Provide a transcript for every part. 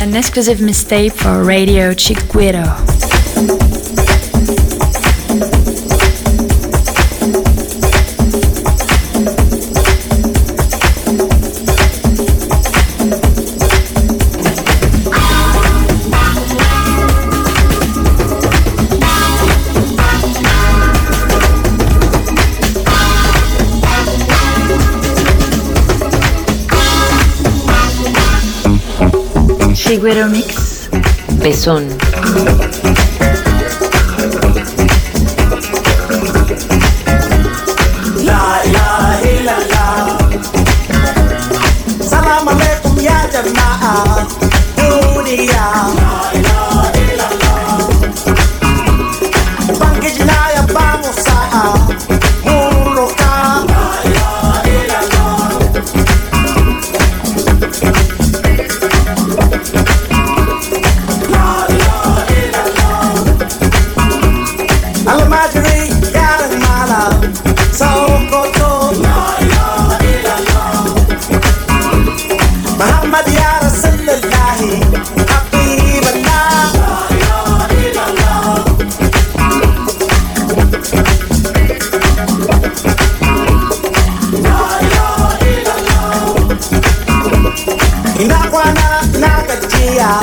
an exclusive mistake for Radio Chiquito. Figuero Mix. Besón. kwa na na katia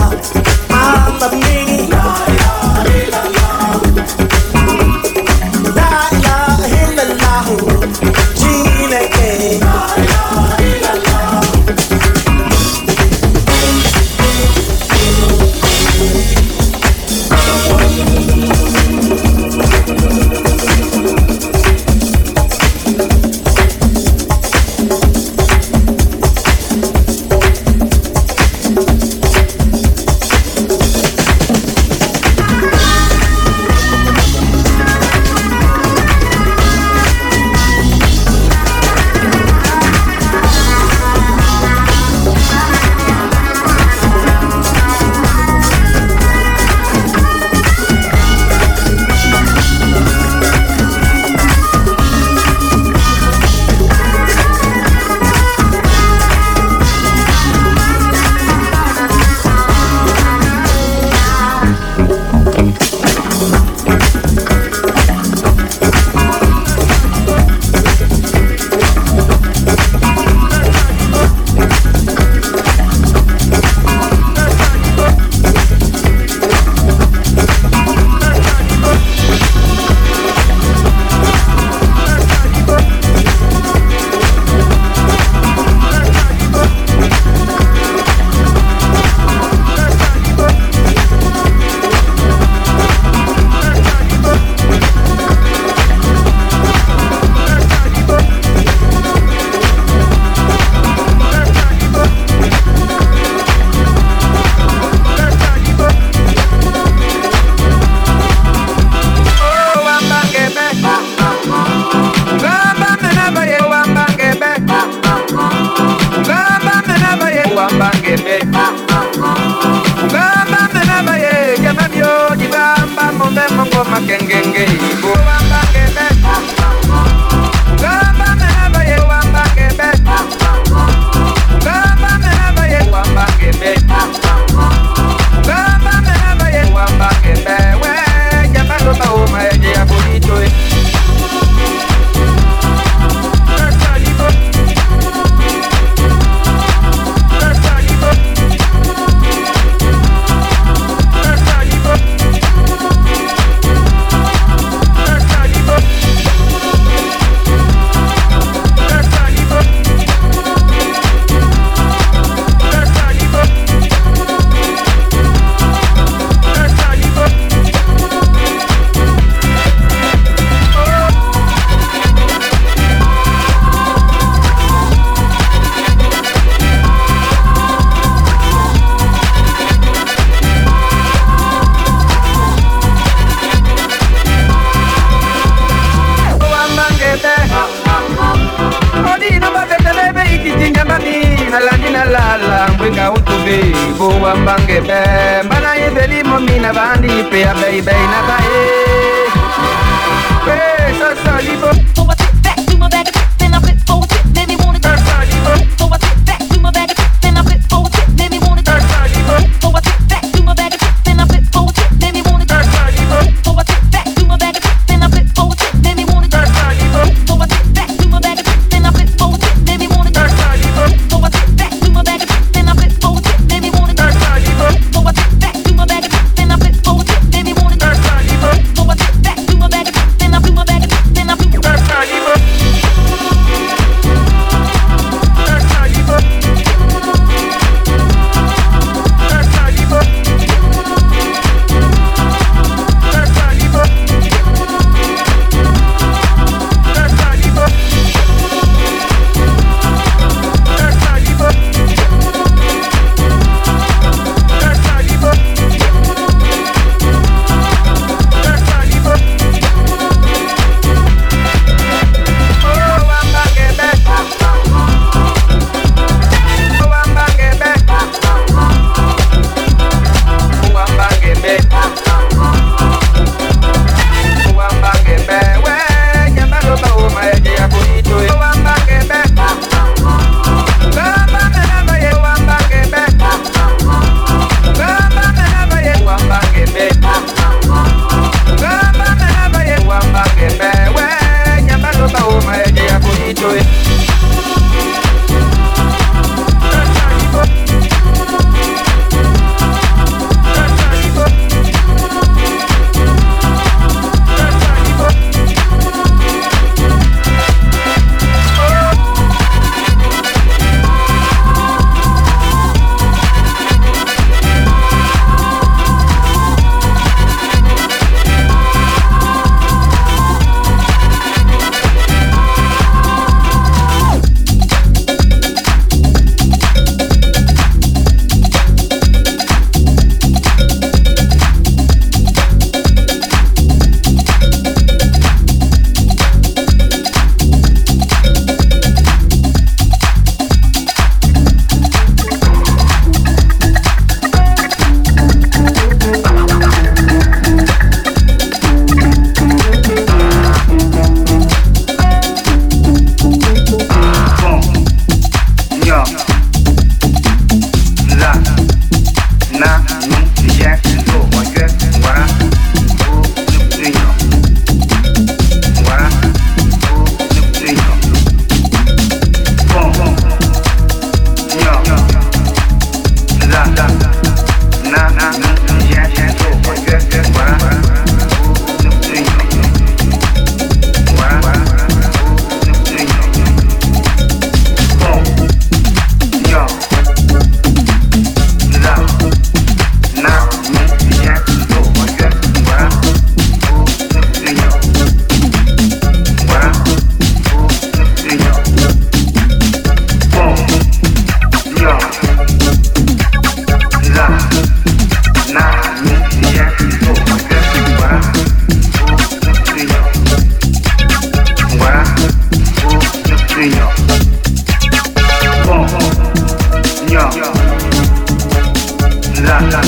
na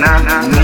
na na na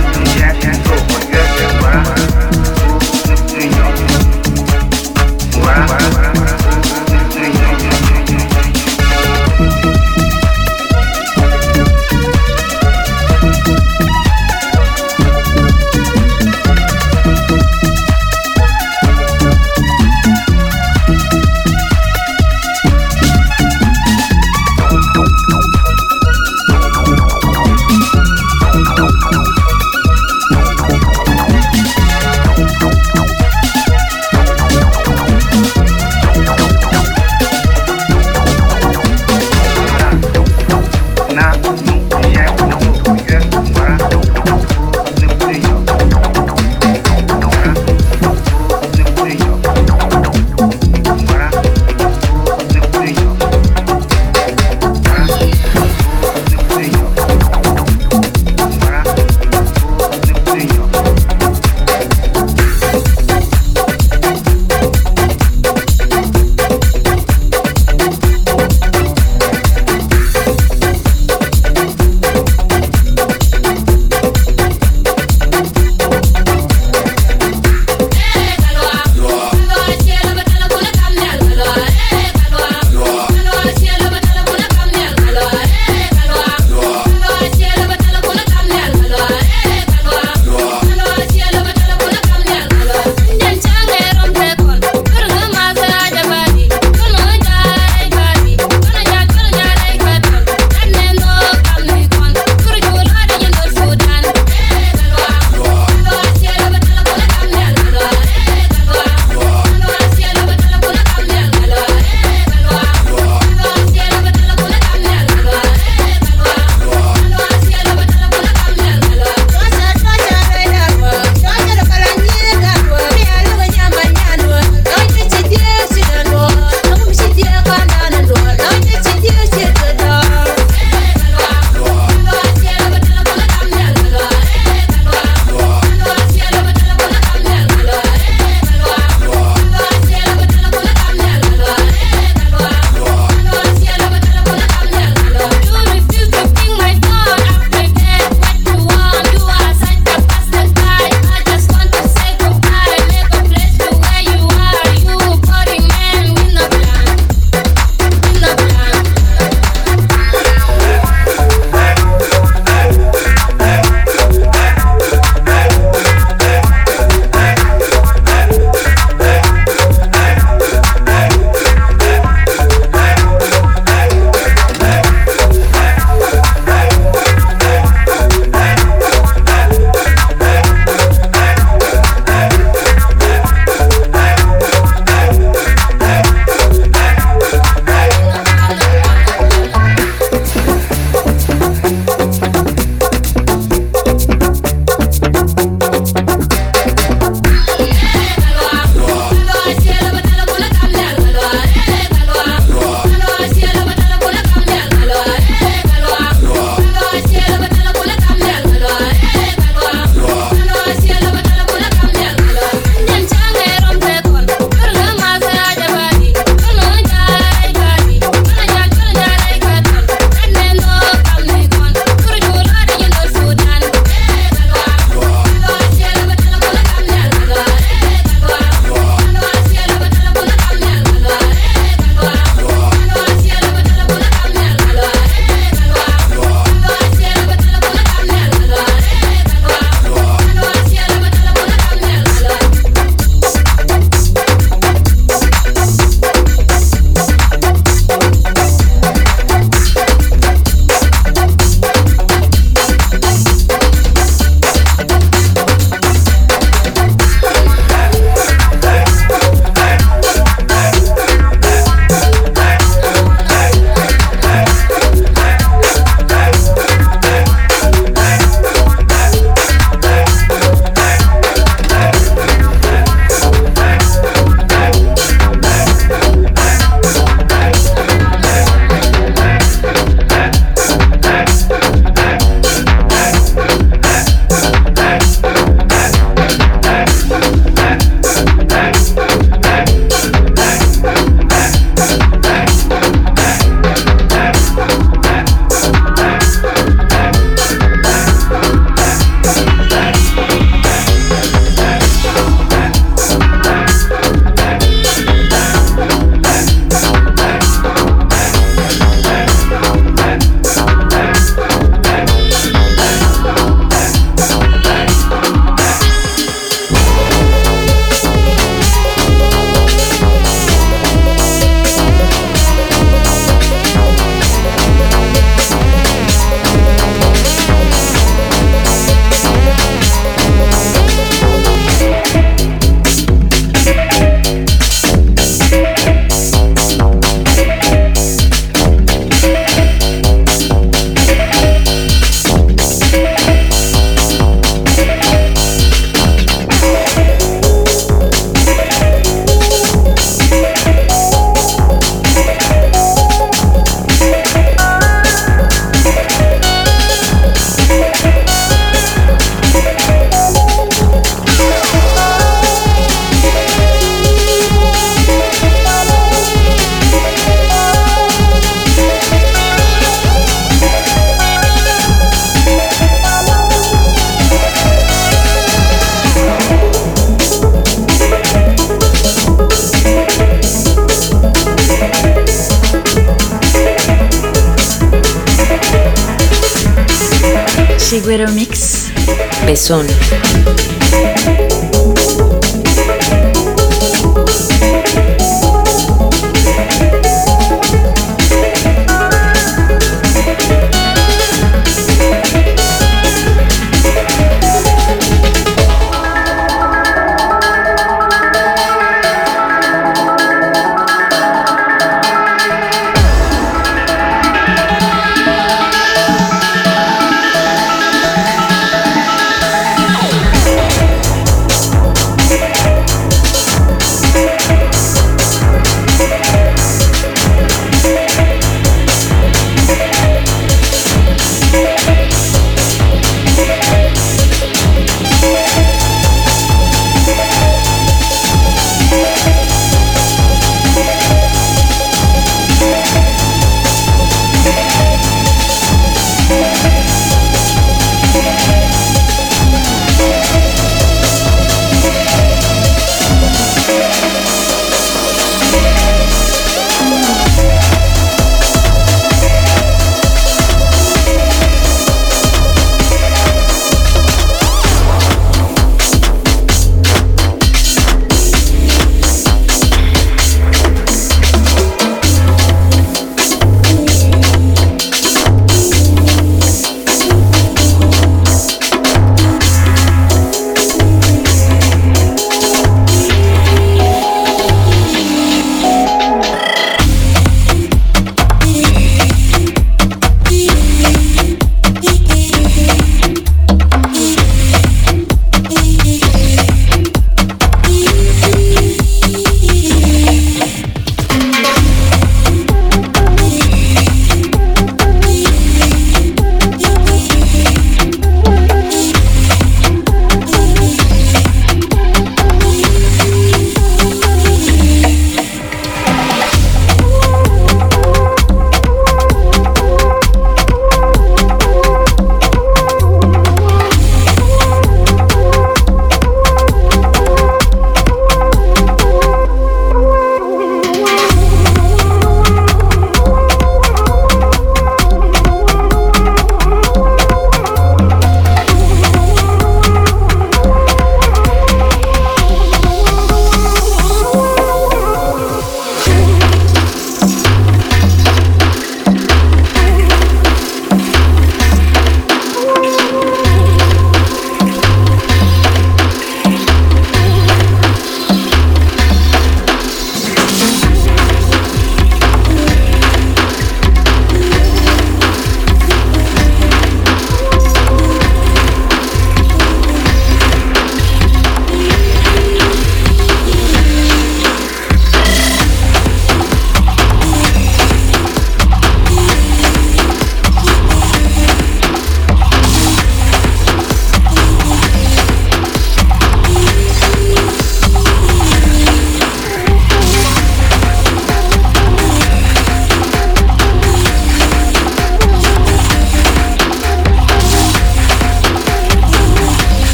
Sony.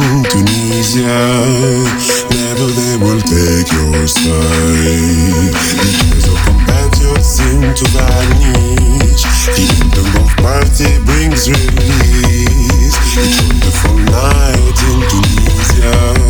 in Tunisia. Never they will take your side. Because of compatriots seem to vanish. The anthem of party brings release. A wonderful night in Tunisia.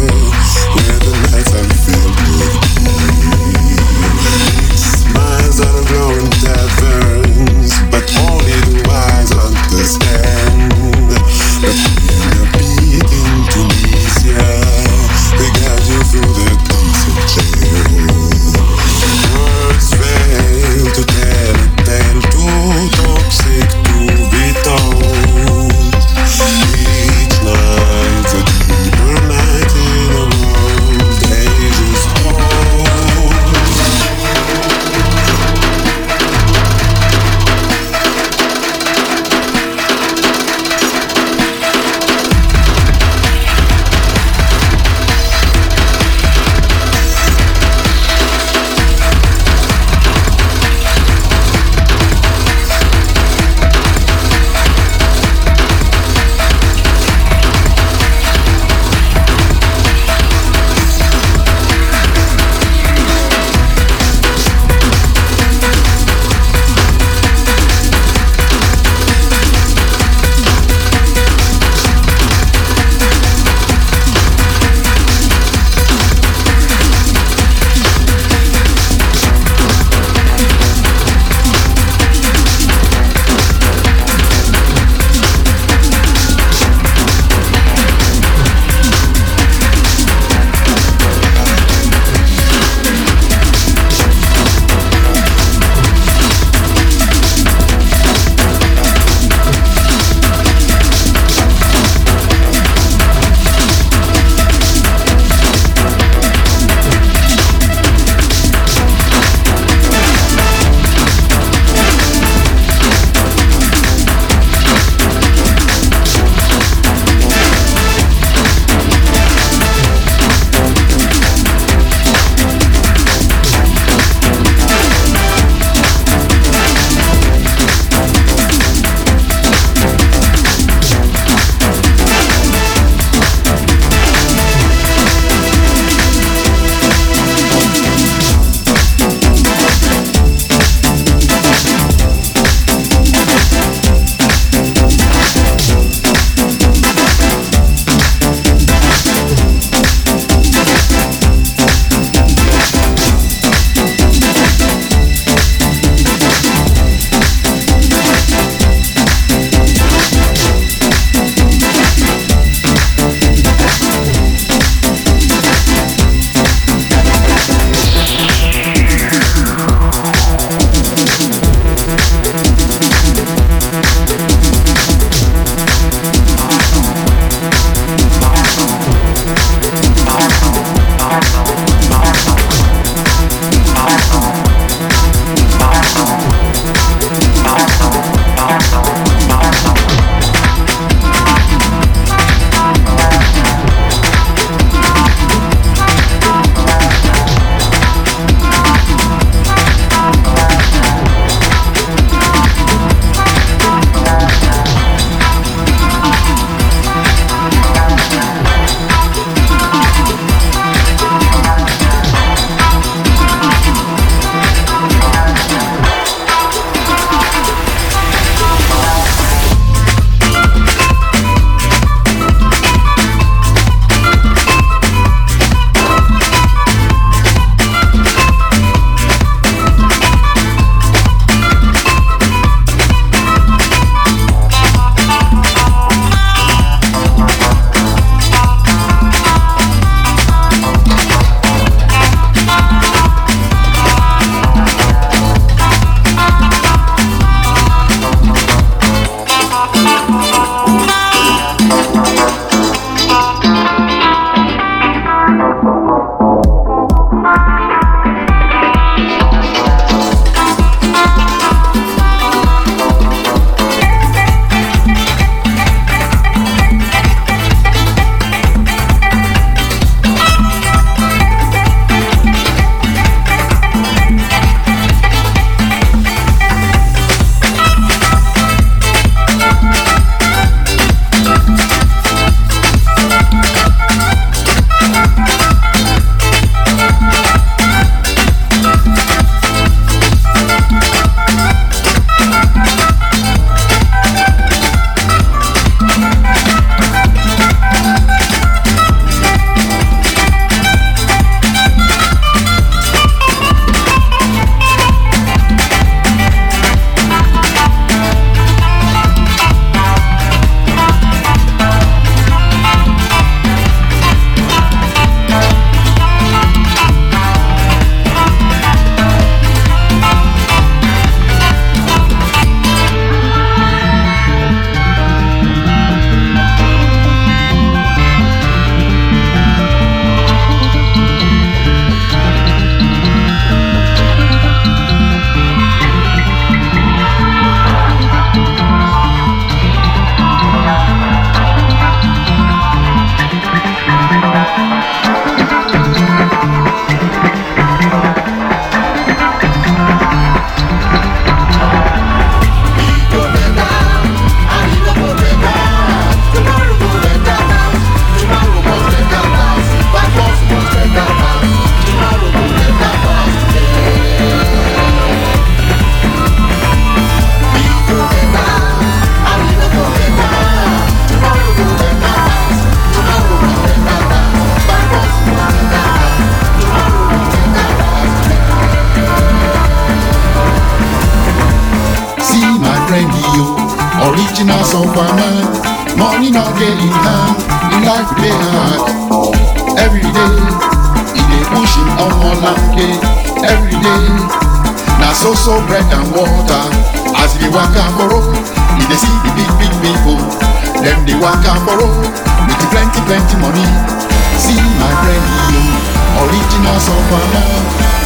suffer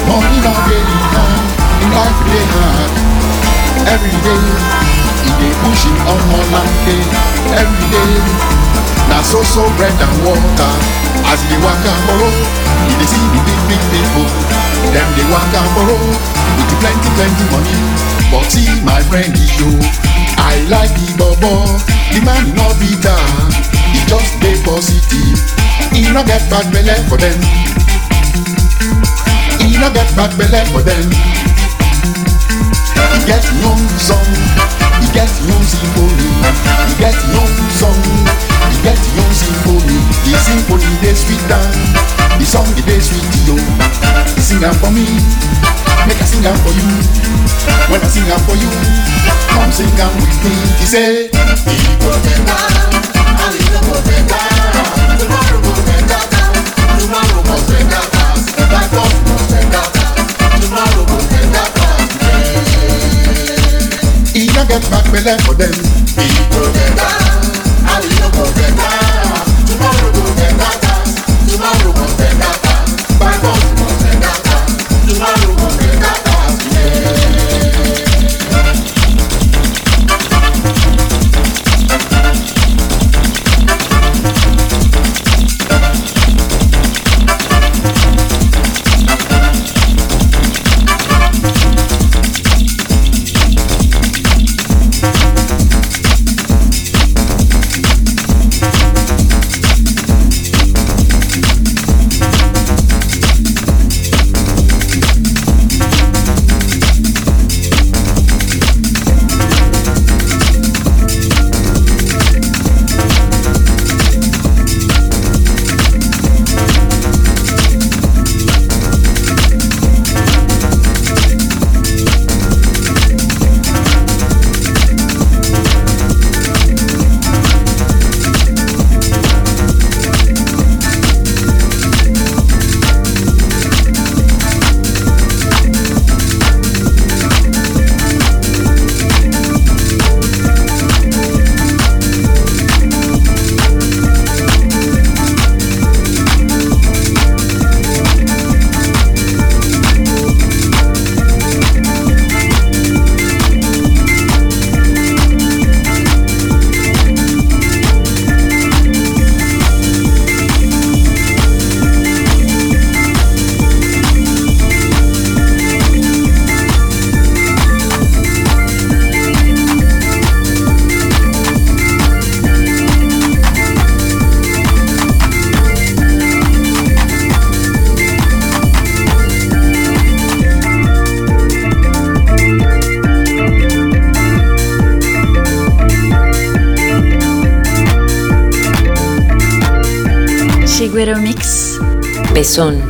Money not getting hard, life dey hard Every day, e dey pushing on more life day Every day, na so so bread and water As e dey waka for road, e dey see the big big people Dem dey waka for road, with plenty plenty money But see my friend Iyo, I like the bobo The man e no bitter, e just dey positive E no get bad belle for dem you no get bad belly for them. Get new song, you get new symphony, you get new song, you get new symphony. The symphony they sweet dance. the song they sweet you. You sing them for me, make I sing for you. When I sing them for you, come sing them with me. He say, People they want, I little more they want. Tomorrow will be better, tomorrow will be better. E will get back for them. E go better, and e no go better. Tomorrow go better, tomorrow go better. Son.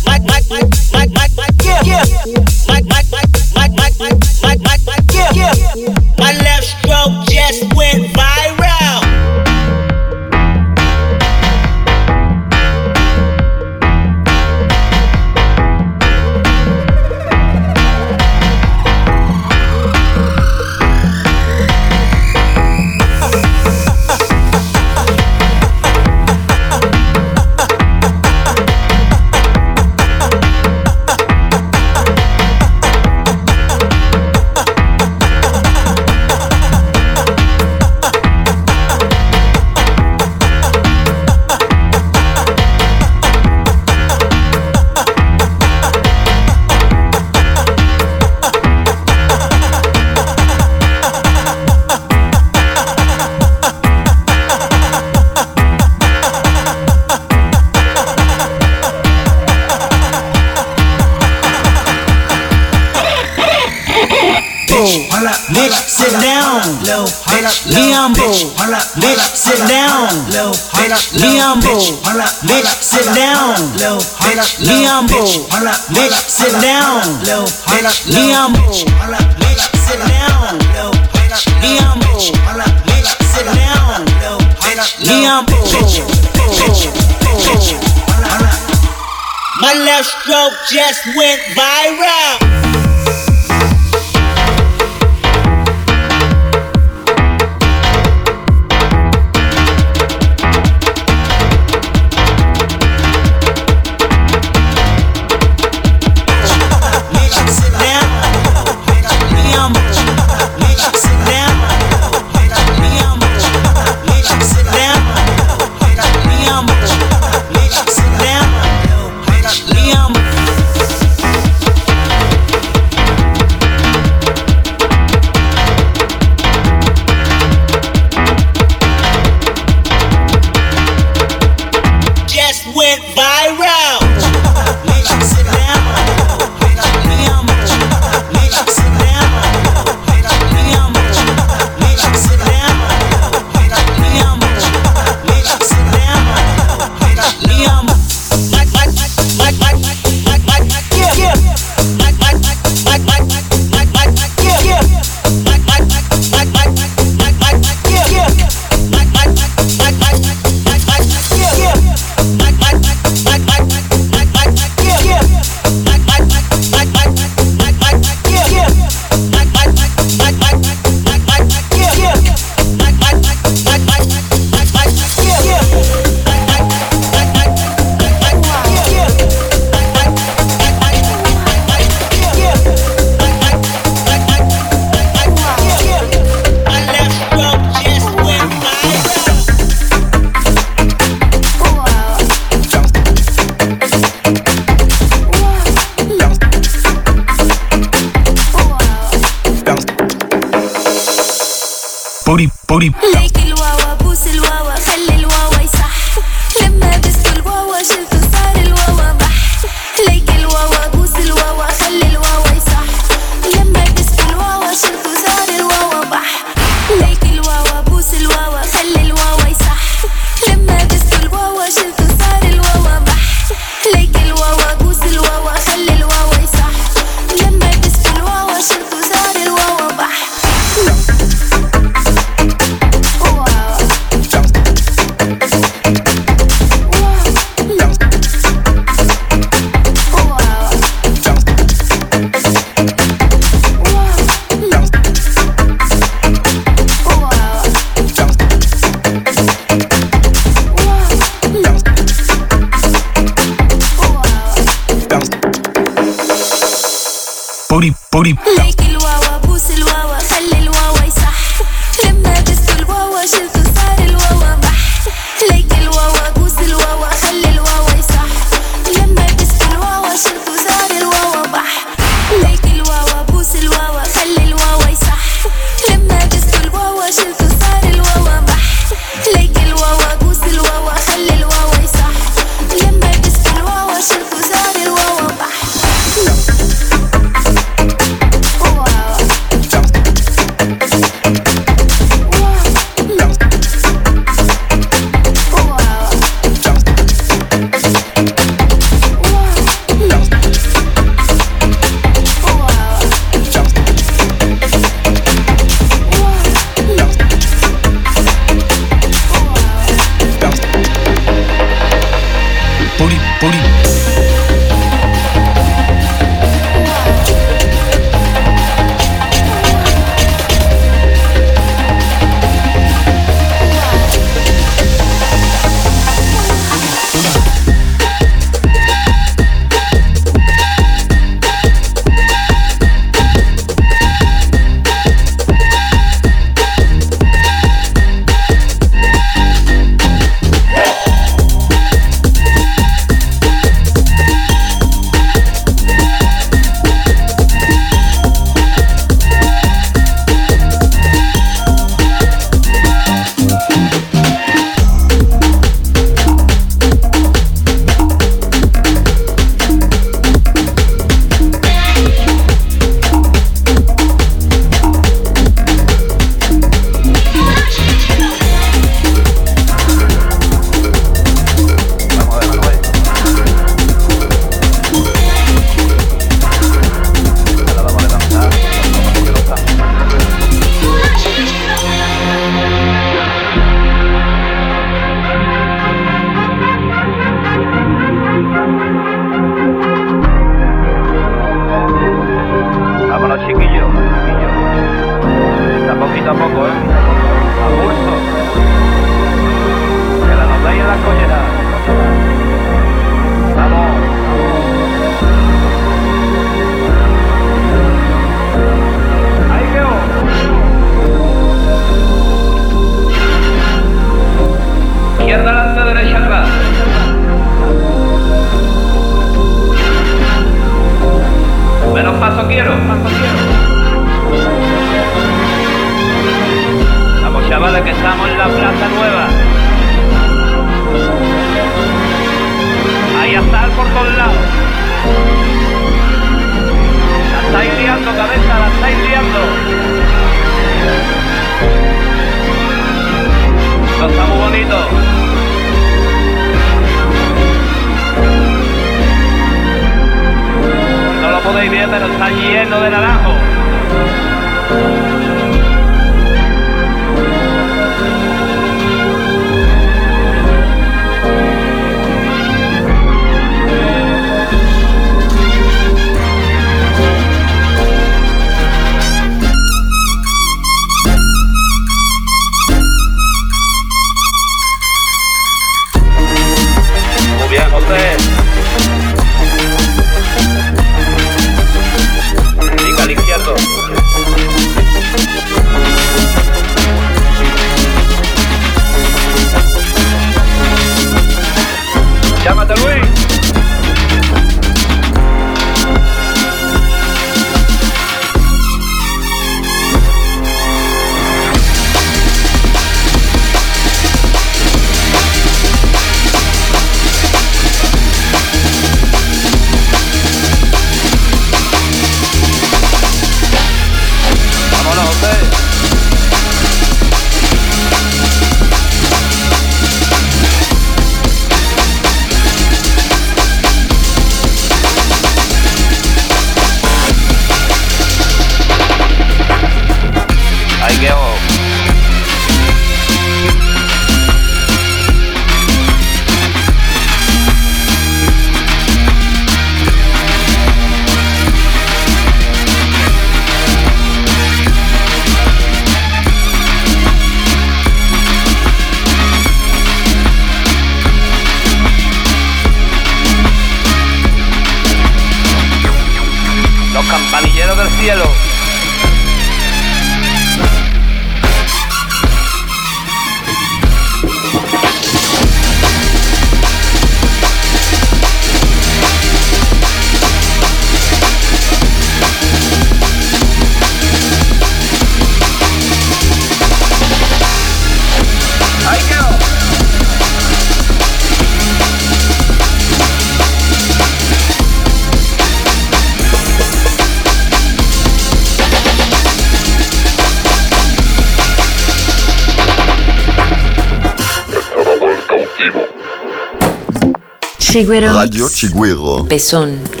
Radio Chigüero. Besón.